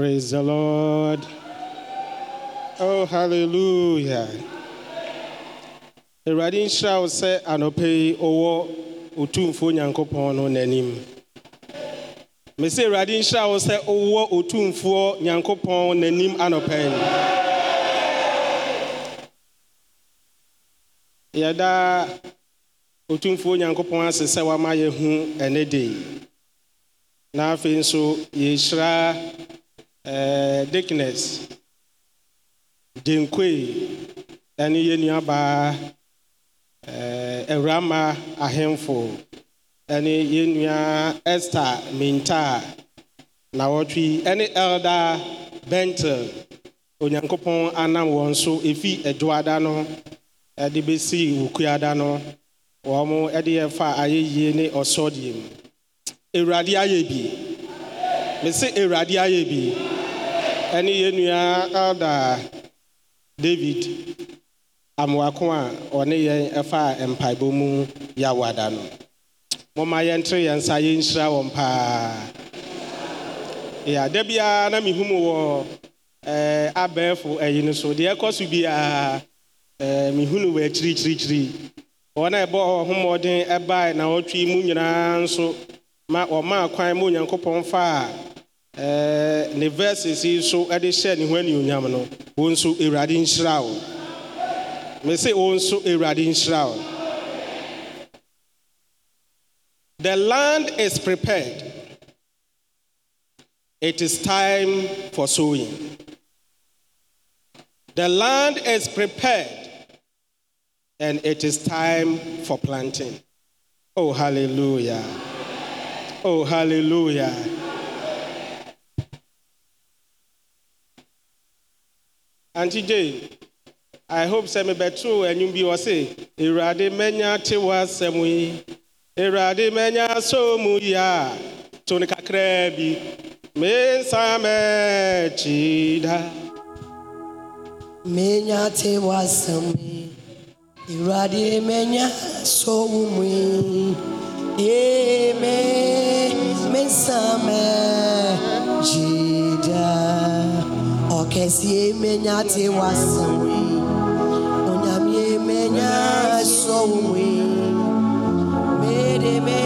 Praise the Lord. Oh, hallelujah. Awurade nhyira wo sɛ anɔpa yi wowɔ otumfuo nyankopɔn no n'anim mesɛ awurade nhyira wo sɛ wowɔ otumfuo nyankopɔn n'anim anɔpa yi yɛda otumfuo nyankopɔn ase sɛ wama yɛhu ɛne de na afei nso yɛhyira ɛɛ eh, dickness denkoe ɛne yɛn nuabaa ɛɛ eh, awurama ahemfo ɛne yɛn nua esther minta nawɔtwi ɛne elda bentel onyankopɔn anam wɔn so efi adwoada no ɛde besi wokuada no wɔn ɛde yɛfa ayɛyie ne ɔsɔdeɛ mu awurade ayɛ bi mesi awurade ayɛ bi. ne yɛn nua elda david amoako a ɔne yɛn ɛfa mpaebɔ mu yɛawada no momma yɛntere yɛn nsa yɛnhyira wɔn paa ya da biara na mehu mu wɔ ɛɛ abɛɛfo ɛyi no so deɛ ɛkɔ so biara ɛɛ mehu no wɔ akyirikyirikyiri wɔn a ɛbɔ ɔhomɔden ɛbae na ɔtwi mu nyinaa nso ma ɔmaa kwan mu onyankopɔn faa. Eh, ne verses yi nso de hyɛ ne ho animuonyam no wo nso awurade nhyira wo me se wo nso awurade nhyira wo the land is prepared it is time for sowing the land is prepared and it is time for planting oh hallelujah oh hallelujah Auntie Jane, I hope sɛ mebɛto ɛnwom bi wɔ se Awurade mɛnya te w'asɛm yi Awurade Menya asɔ mu yi a to ne kakraa bi mensa mɛkyi da menya te w'asɛm yi Awurade mɛnya asɔ mu yi ee me mensa mɛkyi kɛseɛ menya te w'asɛm yi menya sɔ wo yi mede me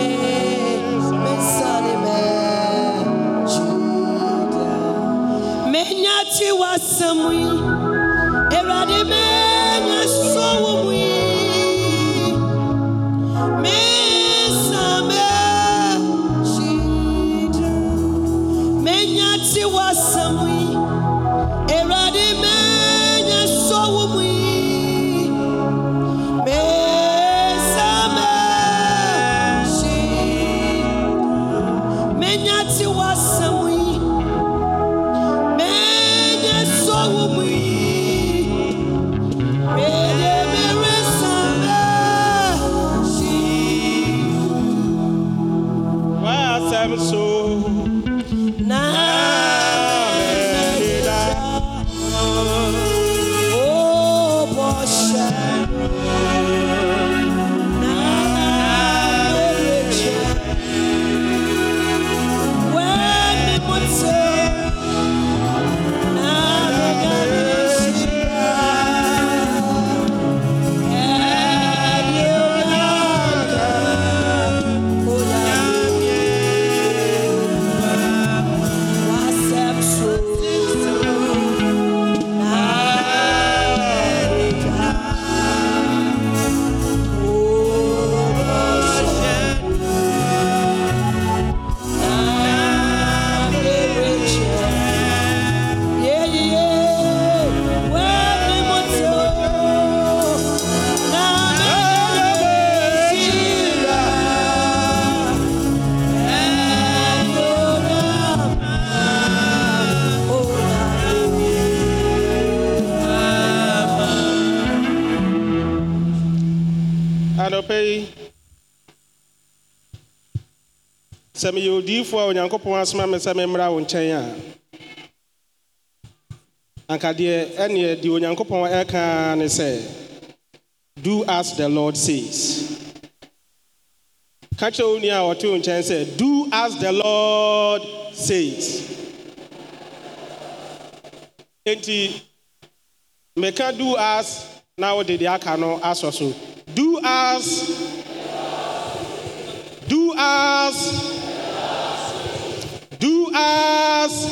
mesane mɛ juda menya te w'asɛm yi awurade menya sɔ sɛ meyɛ odiyifoɔ a onyankopɔn asoma me sɛ memmra wo nkyɛn a anka deɛ ɛneɛ deɛ onyankopɔn ɛka ne sɛ do as the lord says ka kyerɛ wo nua a ɔte wo nkyɛn sɛ do as the lord says enti meka do as na wode deɛ aka no asɔ so do as do as us.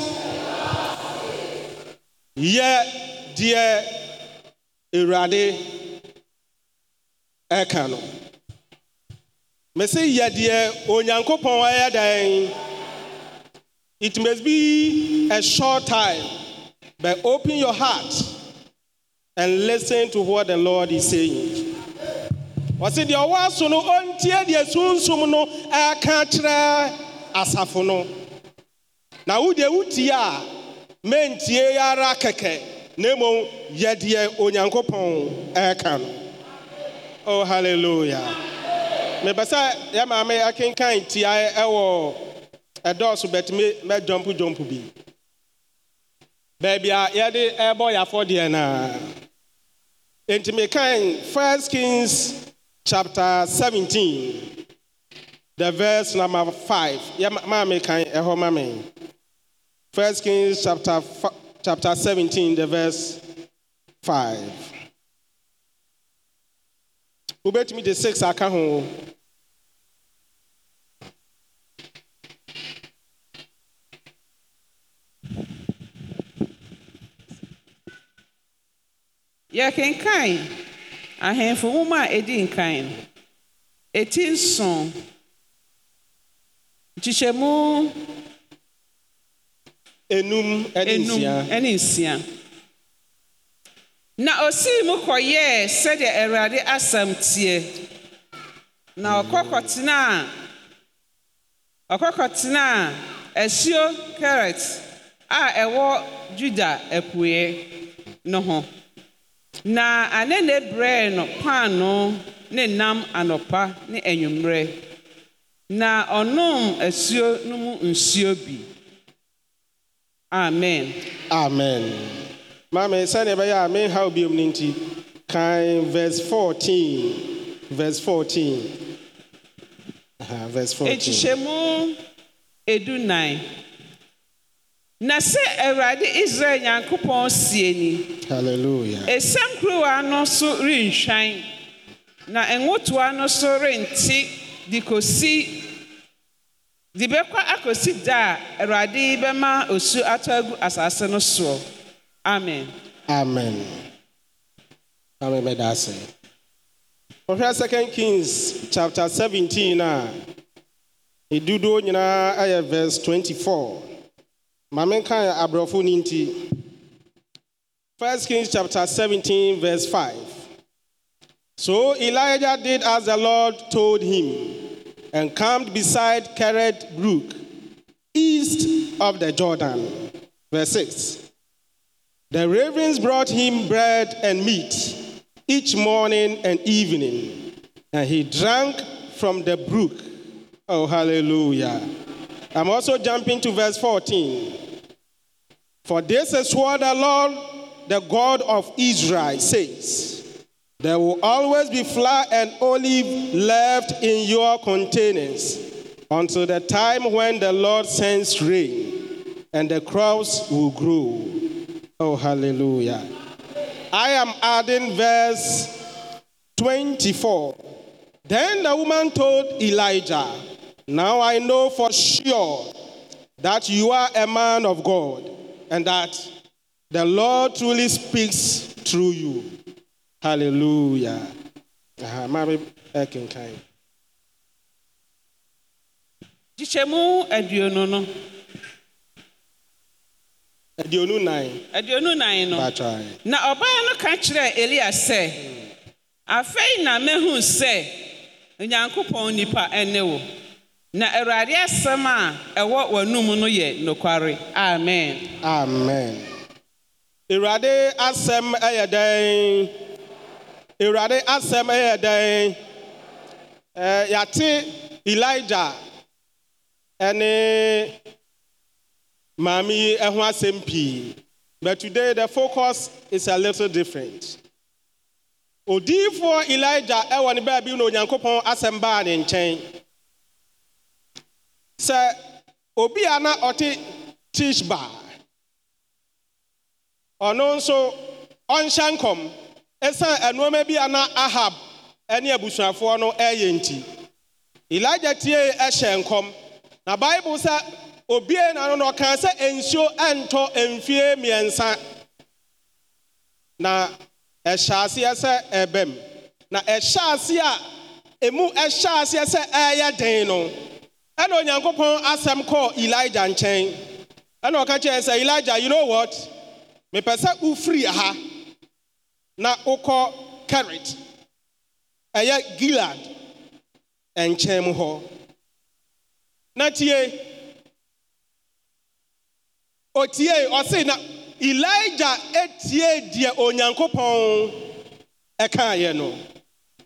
Yɛ deɛ Awurade ɛka no. Mese yɛ deɛ Onyankopɔn ɛyɛ dɛn. It must be a short time, but open your heart and listen to what the Lord is saying. Wɔsi deɛ ɔwɔ aso no, ɔntie deɛ sunsun no ɛka kyerɛ asafo no. na wodeɛ wo tie a mentie ara kɛkɛ na mmom yɛdeɛ onyankopɔn ɛɛka no oalleluya oh, mepɛ sɛ yɛmaame ɛkenkan tiaeɛ ɛwɔ ɛdɔɔso bɛtu me madwɔmpo dwɔmpo bi baabia yɛde ɛbɔ yafɔdeɛ naa enti mekae first kings chapter sne t vers nombe 5i ɛmaameka ɛhɔ mame First Kings chapter, chapter 17, the verse 5. me de six aka ho a ahemfo nwoma a ɛdi nkan a ɛti nson nkyekyɛmu enum ɛne nsia na osii mu kɔyɛɛ sɛdeɛ awurade asɛm teɛ na ɔkɔkɔtenaa ɔkɔkɔtenaa asuo keret a ɛwɔ juda apueɛ no ho na anene brɛ no paano ne nam anɔpa ne anwummerɛ na ɔnom asuo no mu nsuo bi amen amen maame sɛdeɛ ɛbɛyɛ a menhaw biom no nti kan verse 14 verse 14 Aha, verse 14 ɛkyihyɛmu edu nan na sɛ awurade israel nyankopɔn sie ni halleluya ɛsiam kurowa no so na nwotoa no so rente de kosi de bɛkɔ akɔsi da a awurade bɛma osu atɔ agu asase no soɔ amen amen ame bɛda ase wɔhwɛ second kings chapter seventeen a ah, ɛduduo nyinaa ayɛ verse twenty-four. menka yɛ aborɔfo no nti first kings chapter seventeen verse five. so elijah did as the lord told him And camped beside Keret Brook, east of the Jordan. Verse 6. The ravens brought him bread and meat each morning and evening, and he drank from the brook. Oh, hallelujah. I'm also jumping to verse 14. For this is what the Lord, the God of Israel, says there will always be flour and olive left in your containers until the time when the Lord sends rain and the crops will grow. Oh, hallelujah. I am adding verse 24. Then the woman told Elijah, Now I know for sure that you are a man of God and that the Lord truly speaks through you. Hallelujah. Aha, Mary Ekinkan. Kyikyɛmu aduonu no. Aduonu nan. Aduonu nan Na ɔbaa no ka kyerɛɛ Elia sɛ, afei na mehu sɛ Onyankopɔn nipa Na a Amen. Amen. awurade asɛm yɛ dɛn yɛate elija ne maame yi ho asɛm pii but today the focus is a little different odiyifoɔ elija wɔ ne baabi na onyankopɔn asɛm baa ne nkyɛn sɛ obi a na ɔte tishba ɔno nso ɔnhyɛ nkɔm ɛsɛ nnoɔma bi a na ahab ne abusuafoɔ no ɛyɛ nti elija tie ɛhyɛ nkɔm na baibul sɛ obie na no no sɛ nsuo ɛntɔ mfie mmiɛnsa na ɛhyɛ aseɛ sɛ ɛbɛm na ɛhyɛ aseɛ a emu ɛhyɛ aseɛ sɛ ɛyɛ den no ɛna onyankopɔn asɛm kɔɔ elija nkyɛn ɛna ɔka kyerɛ sɛ elija you know what mepɛ sɛ wofiri ha na ụkọ keret ɛyɛ gilad nkyɛn mu hɔ na tie otie ɔse na elija etie die onyanko deɛ onyankopɔn ɛkaeɛ no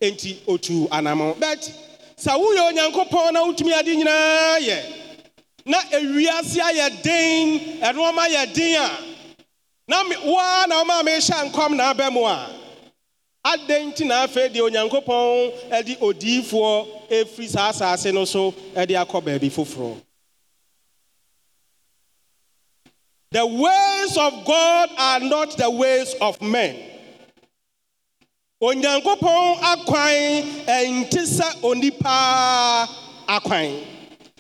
eti otu anammɔn but sɛ onyanko onyankopɔn na wotumi ade nyinaa yɛ na ewia si ayɛ den ɛnoɔma yɛ den a na woa na ɔma mehyɛ nkɔm na abɛ mu a adɛn nti na afei deɛ onyankopɔn de odiyifoɔ ɛfiri saa asase no so de akɔ baabi foforɔ The ways of God are not the ways of men. Onyankopɔn akwan ɛnti sɛ onipa akwan.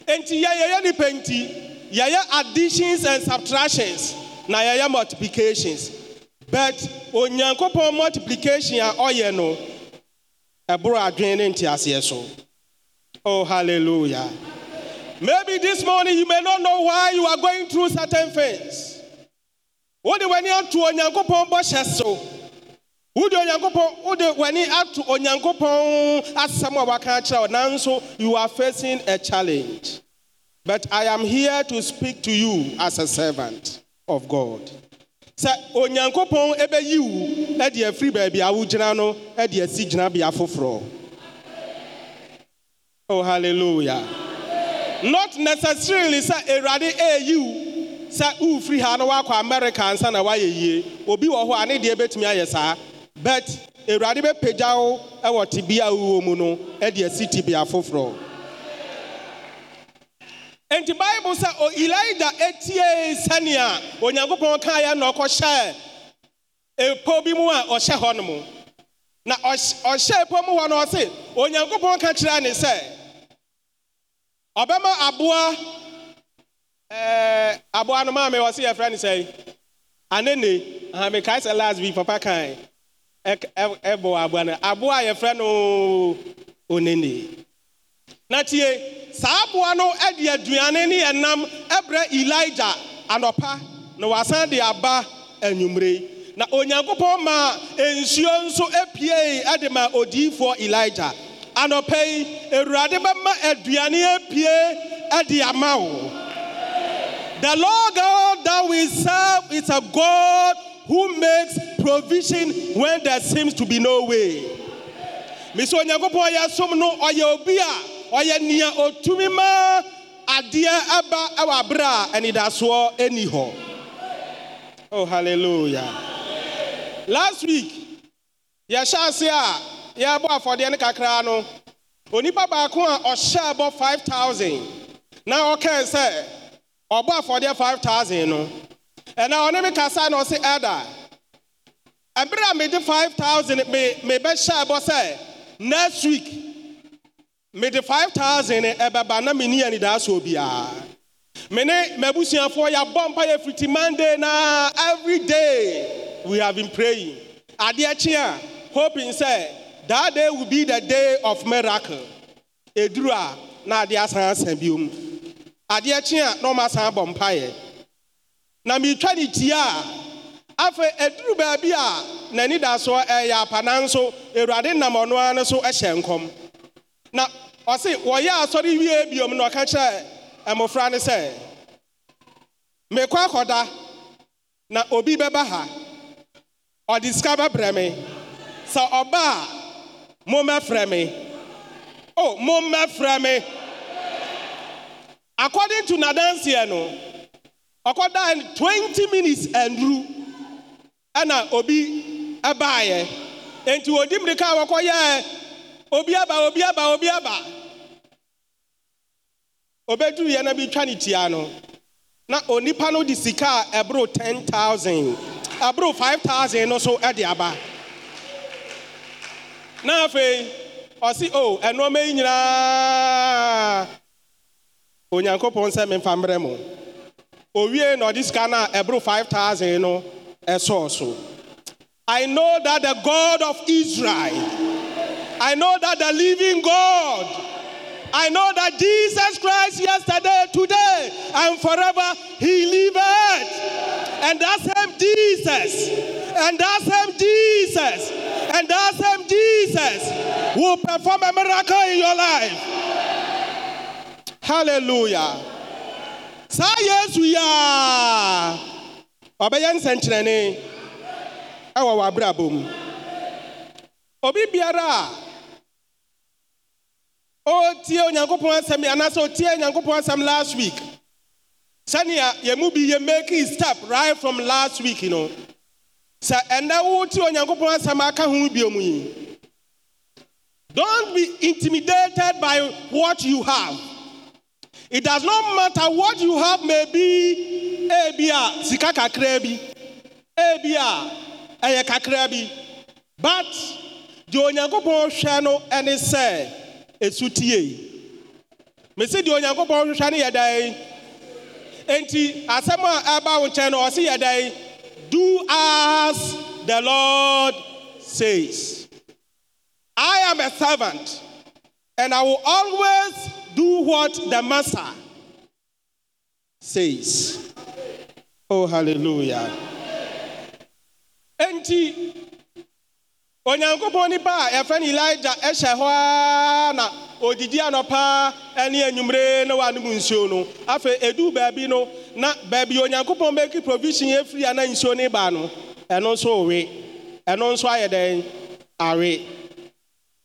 Enti yɛyɛ yɛ nipa nti yɛyɛ additions and subtractions. na yɛyɛ multiplications but onyankopɔn multiplication a ɔyɛ no ɛboro adwene ne nteaseɛ so oh hallelujah maybe this morning you may not know why you are going through certain things wode w'ani ato onyankopɔn bɔhyɛ so wode onyankopɔn wode w'ani ato onyankopɔn asɛm a waka akyerɛ wo nanso you are facing a challenge but i am here to speak to you as a servant of God. sɛ onyankopɔn ɛbɛyi wo ɛde afiri baabi a wogyina no ɛde asi gyinabea foforɔ oh hallelujah not necessarily sɛ awurade ɛɛyi wo sɛ wofiri ha no woakɔ america ansa na woayɛ yie obi wɔ hɔ a ne deɛ bɛtumi ayɛ saa but awurade bɛpagya wo ɛwɔ tebea a wowɔ mu no ɛde asi tebea foforɔ enti bible sɛ elida etie sɛnea onyankopɔn kaa na ɔkɔhyɛ epo bi mu a ɔhyɛ hɔ nom na ɔhyɛ epo mu hɔ no ɔse onyankopɔn ka kyerɛ ne sɛ ɔbɛma aboa ɛɛ eh, aboa no maame ɔse yɛfrɛ ne sɛ anene sɛ last bi papa kan ɛbɔ aboa no aboa yɛfrɛ no onene Natiye tie saa aboa no de aduane ne ɛnam brɛ elija anɔpa na wasan de aba anwummere na onyankopɔn maa nsuo nso apiei de ma odiyifoɔ elija anɔpa yi awurade bɛma aduane apie de ama wo the lord god that we serve is a god who makes provision when there seems to be no way mesɛ onyankopɔn yɛ no ɔyɛ obi a ɔyɛ nea ɔtumi ma adeɛ aba wɔ abere a anidasoɔ ani hɔ oh hallelujah last week yɛhyɛ ase a yɛrebɔ afɔdeɛ no kakra no onipa baako a ɔhyɛ bɔ thousand. na ɔkae sɛ ɔbɔ afɔdeɛ thousand no ɛna ɔne me kasa na ɔse ɛda ɛberɛ a mi 5000 mebɛhyɛ bɔ sɛ next week mede 5000 ɛbɛba na menni da soɔ biara me ne m'abusuafoɔ yɛabɔ mpa yɛ firiti monday na every day we have been praying adeɛ kye hoping sɛ that day will be the day of miracle ɛduru a na adeɛ asan asa biom adeɛ kye na ɔma asan abɔ mpaeɛ na meretwa ne tie a afei ɛduru baabi a n'ani da soɔ ɛyɛ apa nanso awurade nam ɔno ara no so hyɛ nkɔm na ɔse wɔyɛ asɔre wie biom na ɔka kyerɛ mmɔfra ne sɛ mekɔ akɔda na obi bɛba ha ɔde sika bɛbrɛ me sɛ ɔba a mommɛfrɛ me o mommɛfrɛ me according to nadanseɛ no ɔkɔdaa 20 minutes anduru ɛna obi ɛbaeɛ enti ɔdi mmirika a wɔkɔyɛɛ obiaba obiaba obiaba obeduru yɛ na bi twa ne tia no na onipa no de sika a ɛboro ten thousand ɛboro five thousand no so ɛde aba na afei ɔsi o oh, ɛnɔɔma yi nyinaa onyankopɔn sɛ mefa mmerɛ mo owie na ɔde sika no a ɛboro five thousand no ɛsɔɔ so i know that the god of israel. I know that the living God I know that Jesus Christ, yesterday, today, and forever, He liveth. And that Him, Jesus. And that Him, Jesus. And that's Him, Jesus. Will perform a miracle in your life. Hallelujah. Say yes, we are. Obeyan sentine. Awa wabrabum. Obi biara. ɔretie onyankopɔn asɛm anaasɛ ɔtie onyankopɔn asɛm last week sɛnea yɛn mu bi yɛ making step right from last week you no know. sɛ ɛnna wotie onyankopɔn asɛm aka ho biom yi don't be intimidated by what you have it does not matter what you have may be ebi a sika kakra bi ebi a ɛyɛ kakra bi but deɛ onyankopɔn hwɛ no ɛne sɛ. ɛsu tie mesi deɛ onyankopɔn hwehwɛ no yɛ dan enti asɛm a ɛba wo nkyɛn no ɔse yɛ dan do as the lord says i am a servant and i will always do what the master says oh hallelujah enti onyankopɔn nipa a yɛfrɛ no elija ɛhyɛ hɔ ara na odidi anɔpa ne anwummere na wanom nsuo no afei ɛduu baabi no na baabi onyankopɔn bɛki provision ɛfiri a na nsuo no baa no ɛno nso owe ɛno nso ayɛ dɛn awe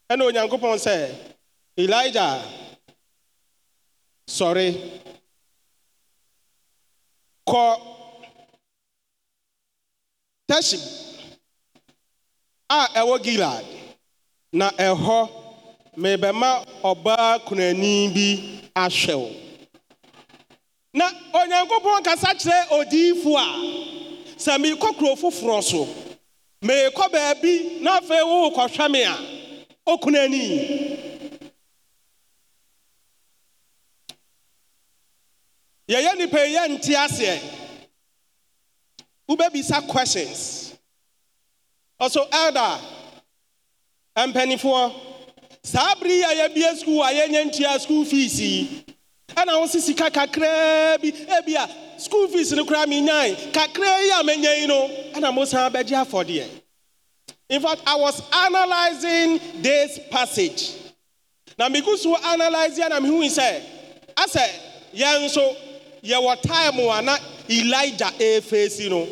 ɛna onyankopɔn sɛ elija sɔre kɔ tɛhyi a ɛwɔ gilad na ɛhɔ mebɛma ɔbaa kunani bi ahwɛ wo na onyankopɔn kasa kyerɛ ifu a sɛ merekɔ kuro foforɔ so merekɔ baabi na afei worekɔhwɛ me a okunani yɛyɛ nnipa yɛ nte aseɛ wobɛbisa questions so elda ɛmpanimfoɔ saa bere yi a yɛbiɛ sukuul a yɛnyɛ ntia scul fees yi ɛna wo se sika kakra bi bia sculfees no kora menyae kakra yi a mɛnyɛ yi no ɛna moosan bɛgye afɔdeɛ in fact i was analysing this passage na megu suɔ analyse yɛ na mehhui sɛ asɛ yɛ nso yɛwɔ ti me a na eligja ɛfɛesi no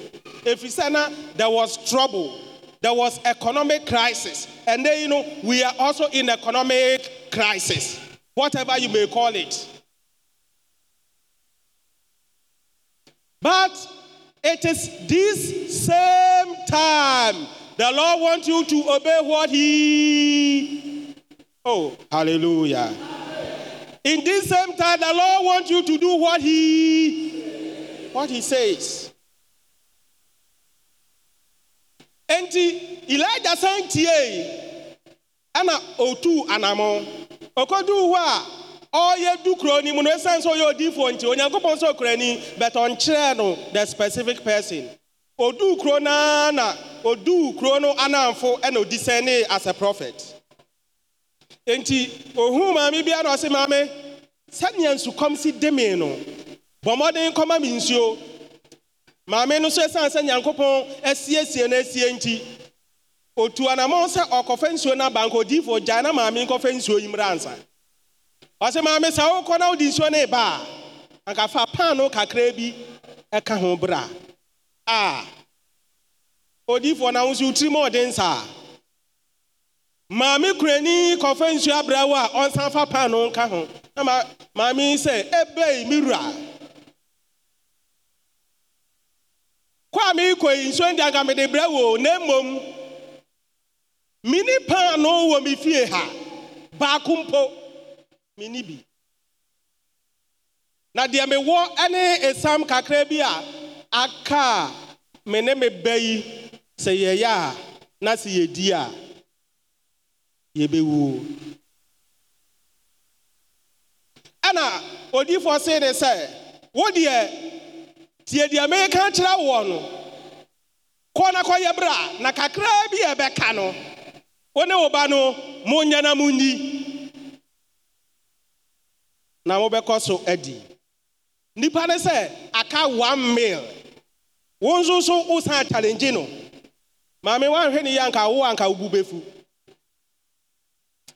ɛfiri sɛ na ther was trouble There was economic crisis. And then, you know, we are also in economic crisis, whatever you may call it. But it is this same time the Lord wants you to obey what He. Oh, hallelujah. In this same time, the Lord wants you to do what He what He says. enti elija san tie ɛna otu anamɔ okodu hɔ a ɔyɛ du kuro ni mu na esan so yɛ odiifo nti onyankopɔn so kura ni but ɔnkyerɛ no the specific person odu kuro naa na odu kuro no anamfo ɛna odi sɛn ne as a prophet enti ohun maame bi a na ɔsi maame sɛnea nsukɔm si demi no bɔmɔden kɔma mi nsuo. maame no nso ɛsiane sɛ nyankopɔn asiesie no asie nti otu anammɔn sɛ ɔkɔfa nsuo no aba nka odiifoɔ gya na maame nkɔfa nsuo yi mmra ansa ɔsɛ maame sɛ wokɔ na wode nsuo no eba a anka fa paano kakra bi ɛka ho bra a odiifoɔ no ahosuo tiri ma ɔden saa maame kurani kɔfa nsuo abrɛ wo a ɔnsan fa paano nka ho na maame sɛ ebei me wura kwame ikoyi nsuo ndi aga mede brɛ wo na mmom mini paano wɔ me fie ha baako mpo mini bi na deɛ mewɔ ne esam kakra bi a aka a me ne me ba yi sɛ yɛyɛ a na sɛ yɛdi a yɛbɛwuo ɛna odiyifoɔ see ne sɛ wo deɛ tie deɛ meka kyerɛ woɔ no kɔ na kɔyɛ berɛ a na kakra bi a ɛbɛka no wo ne wo ba no monyɛ na monni na mobɛkɔ so adi nnipa ne sɛ aka 1 mil wo nso so wo san challenge no maame woanhwɛ ne yɛ anka wo anka wobu bɛfu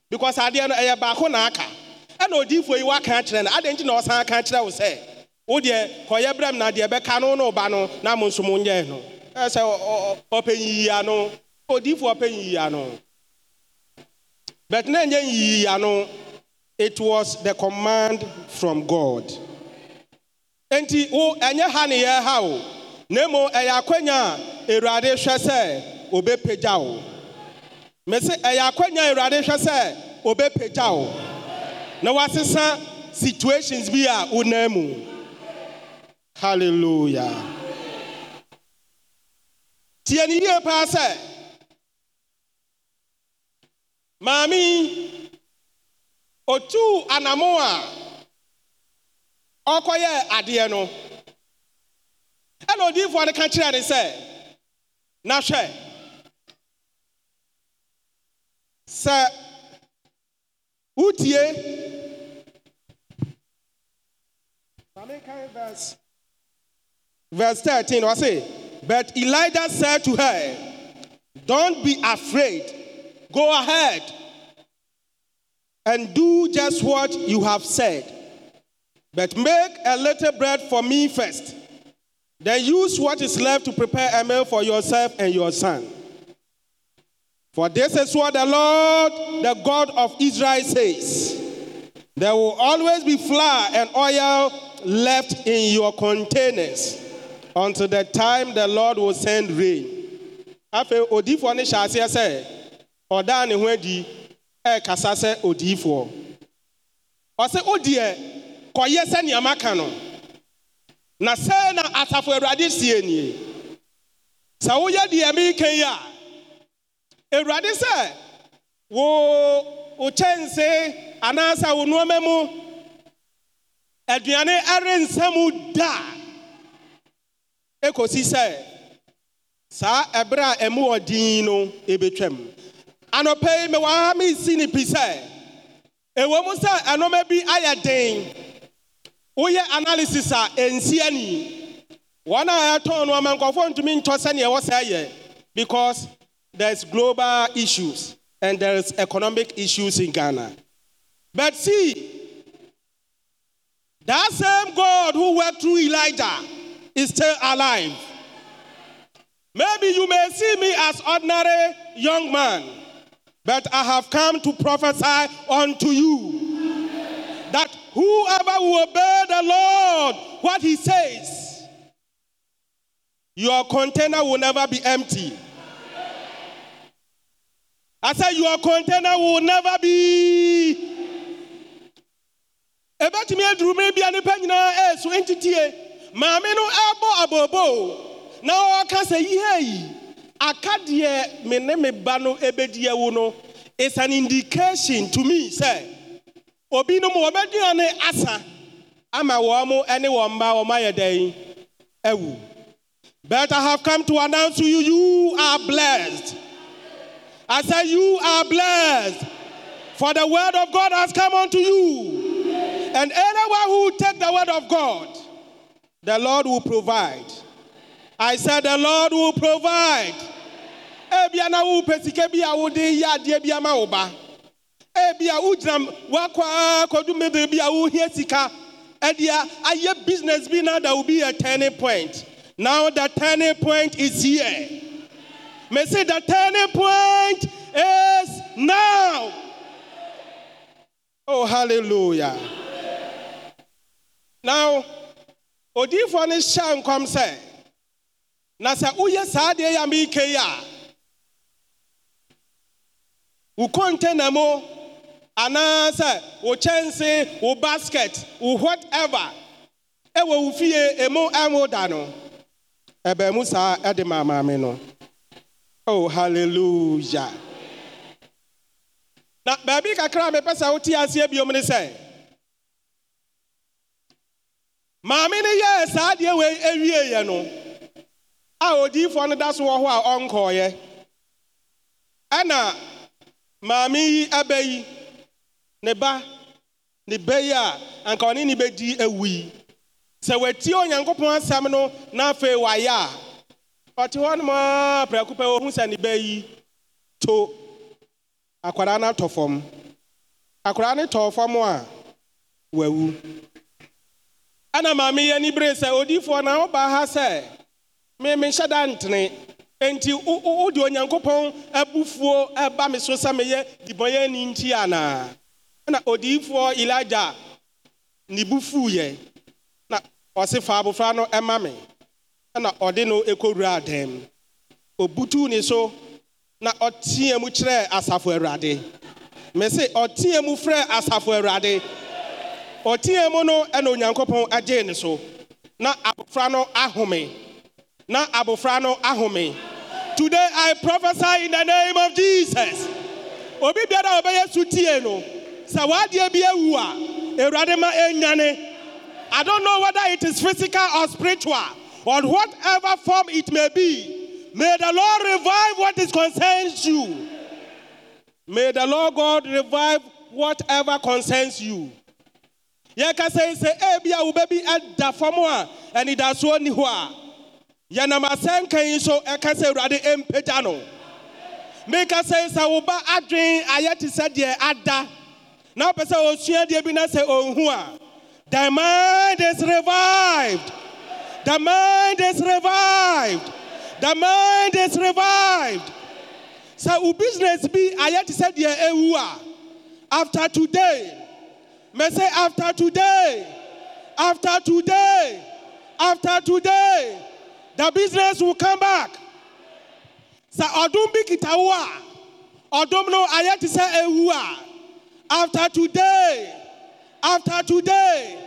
because adeɛ no ɛyɛ baako na aka ɛna odiyifoɔ yi woaka akyerɛ no adɛn nti na ɔsan aka akyerɛ wo sɛ wo deɛ kɔyɛ brɛ m na deɛ bɛka no ne woba no na mo nso mo nyɛe no ɛ sɛ ɔpɛnyiyia no odiifoɔ ɔpɛnyiyia no but na ɛnyɛ nyiyia no it was the command from god enti wo ɛnyɛ ha ne yɛ ha o na mmom ɛyɛ akwanya a awurade hwɛ sɛ obɛpagya wo me se ɛyɛ akwanya a awurade hwɛ sɛ obɛpagya wo na wasesa situations bi a wonam mu Hallelujah. tie ne yie paa sɛ maame otuu anamo a ɔkɔyɛɛ adeɛ no ɛna odiifoɔ no ka kyerɛɛ ne sɛ na sɛ wotie maame kan verse Verse 13, I say, But Elijah said to her, Don't be afraid. Go ahead and do just what you have said. But make a little bread for me first. Then use what is left to prepare a meal for yourself and your son. For this is what the Lord, the God of Israel, says There will always be flour and oil left in your containers until the time the Lord will send rain. afei odiifoɔ no hyɛ aseɛ sɛ ne ho adi ɛrekasa sɛ odiifoɔ ɔsɛ odiɛ kɔyɛ sɛ nneɛma ka no na sɛ na asafo awurade sie nie sɛ woyɛ deɛ mereka yi a awurade sɛ wo wo kyɛnse anaasɛ wo nnoɔma mu aduane ɛrensɛ mu daa ɛkɔsi sɛ saa sa a ɛmu wɔ din no ɛbɛtwam anɔpɛ yi mewɔ ha mesi ni pi sɛ ɛwɔ mu sɛ ɛnɔma bi ayɛ den woyɛ analysis a ɛnsi ani wɔn a ɛtɔn no ama nkɔfoɔ ntumi ntɔ sɛnea ɛwɔ sɛ ɛyɛ because there's global issues and there's economic issues in Ghana. But see, that same God who went through Elijah is still alive. Maybe you may see me as ordinary young man, but I have come to prophesy unto you that whoever will obey the Lord, what he says, your container will never be empty. I said, your container will never be maame no ɛbɔ abobo na ɔka sɛ yei aka deɛ me ne me ba no ɛbɛdi awu no is an indication to me sɛ obi no mu wɔbɛdua ne asa ama wɔn ne wɔn mma wɔn ayɛ dɛn ɛwu but I have come to announce to you you are blessed I say you are blessed for the word of God has come unto you and anyone who take the word of God the Lord will provide. I said, The Lord will provide. Ebia na wo pesike bia wo de ya de bia ma wo ba. Ebia wo gram wa kwa kodu me bia wo hia sika. Edia aye business bi na there will be a turning point. Now the turning point is here. Me say the turning point is now. Oh hallelujah. Now odiyifoɔ no hyɛ nkɔm sɛ na sɛ woyɛ saa adeɛ yɛ a meeke yi a wo container mu anaasɛ wo kyɛnse wo basket wo whatever ɛwɔ wo fie emu ɛmo da no ɛbɛn mu saa ɛde maa no oh hallelujah na baabi kakra a mepɛ sɛ wote aseɛ biom ne sɛ maame no yɛɛ saa adeɛ ewie awieeɛ no a odiyifoɔ no da so wɔ hɔ a ɔnkɔɔeɛ ɛna maame yi ɛbɛ yi ne ba ne ba yi a anka ɔne ne bɛdi awu yi sɛ watie onyankopɔn asɛm no na afei wayɛ a ɔte hɔ nom a prɛko pɛ wɔhu sɛ ne ba yi to akwadaa no atɔ fam akwadaa no tɔɔ fam a wawu ana m ama ihe n'ibere sɛ odiifoɔ na woba ha sị sɛ memenhyɛ da ntene enti wode onyankopɔn abufuo ɛba me so sɛ meyɛ dibɔyɛni nti anaa na odiifoɔ elija ne bu ya na ɔse fa abofra no ɛma me na ɔde no ɛkɔwuraa dan mu obutuu ne so na ɔteɛ mu kyerɛɛ asafo awurade me se ɔteɛ mụ frɛ asafo awurade ɔteɛ mu no na onyankopɔn agyee ne so na abofra no ahome na abofra no ahome today i prophesy in the name of jesus obi biara a ɔbɛyɛ so tie no sɛ wadeɛ bi awu a awurade ma ɛnyane i don't know whether it is physical or spiritual or whatever form it may be may the lord revive what is concerns you may the lord god revive whatever concerns you yɛka sɛi sɛ ebia eh, wobɛbi ɛda fam a anidasoɔ ni hɔ a yɛnam asɛnka yi so ɛka sɛ awurade ɛmpagya no meka sɛi sɛ wo adwen ayɛ te sɛ deɛ ada na wopɛ sɛ ɔsua deɛ bi na sɛ ɔnhu a the mind is revived the mind is revived the mind is revived sɛ wo business bi ayɛ te sɛ deɛ ɛwu a after today May say, after today, after today, after today, the business will come back. Sa ọdún bí kìtàwó a, ọdún náà ayé ti sẹ́ ewu a. After today, after today,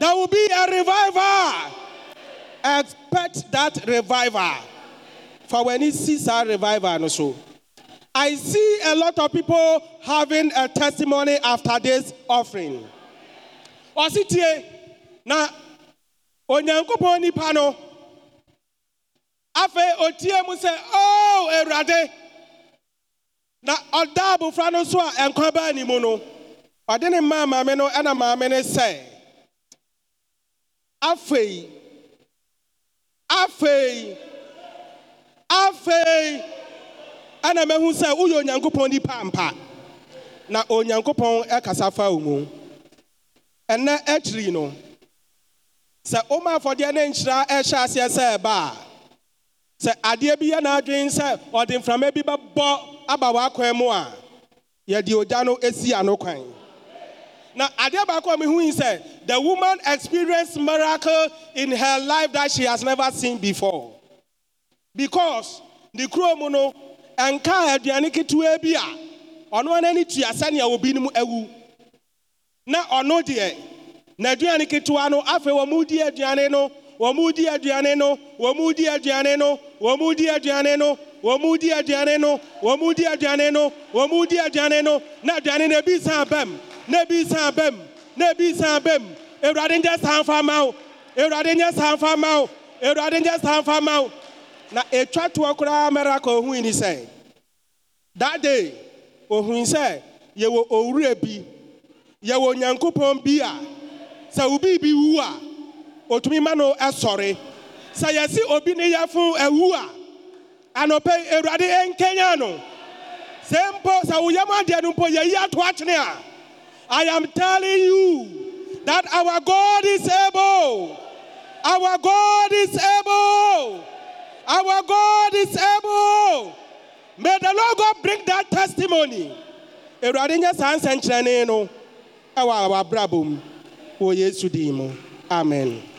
there will be a revival. Expect that revival. For when he sees our revival, also. I see a lot of people having a testimony after this offering. Ɔsitie na onyankopɔn nipa no afei otie mu sɛ ooo oh, ewurade na ɔda abofra no so a nkwa baa ne mu no ɔde ne mmaa maame no ɛna maame no sɛ afei afei afei ana mehu sɛ woyɛ onyankopɔn nipa ampa na onyankopɔn ɛkasa fa wo mu ɛnɛ akyiri no sɛ woma afɔdeɛ ne nkyira ɛhyɛ aseɛ sɛ ɛba a sɛ adeɛ bi yɛ n'adwene sɛ ɔde mframa bi bɛbɔ aba w'akwan mu a yɛde ogya no esi ano kwan na adeɛ baako a mehu yi sɛ the woman experienced miracle in her life that she has never seen before because ne kurom no ɛnkaa aduane ketewa bi a ɔno anani tua sɛnea obinom awu na ɔno deɛ n'aduane ketewa no afei wɔn di aduane no wɔn di aduane no wɔn di aduane no wɔn di aduane no wɔn di aduane no wɔn di aduane no wɔn di aduane no na aduane no ebi san bɛm na ebi san bɛm na ebi san bɛm ewurade nyɛ san fa ma wo ewurade nyɛ san fa ma wo ewurade nyɛ san fa ma wo. na echatu toɔ koraa mɛra ka ohui ni sɛn that day ohui sɛ yɛwɔ owura bi yɛwɔ nyankopɔn bi a sɛ obi bi wu a otumi ma no ɛsɔre sɛ yɛsi obi ne yɛfo ɛwu a anɔpɛ awurade ɛnkɛnya no sempo sa sɛ woyam adeɛ no mpo yɛyi ato a i am telling you that our god is able our god is able our God is able. May the Lord God bring that testimony. Awurade nyɛ saa nsɛnkyerɛnne no ɛwɔ Yesu din mu. Amen.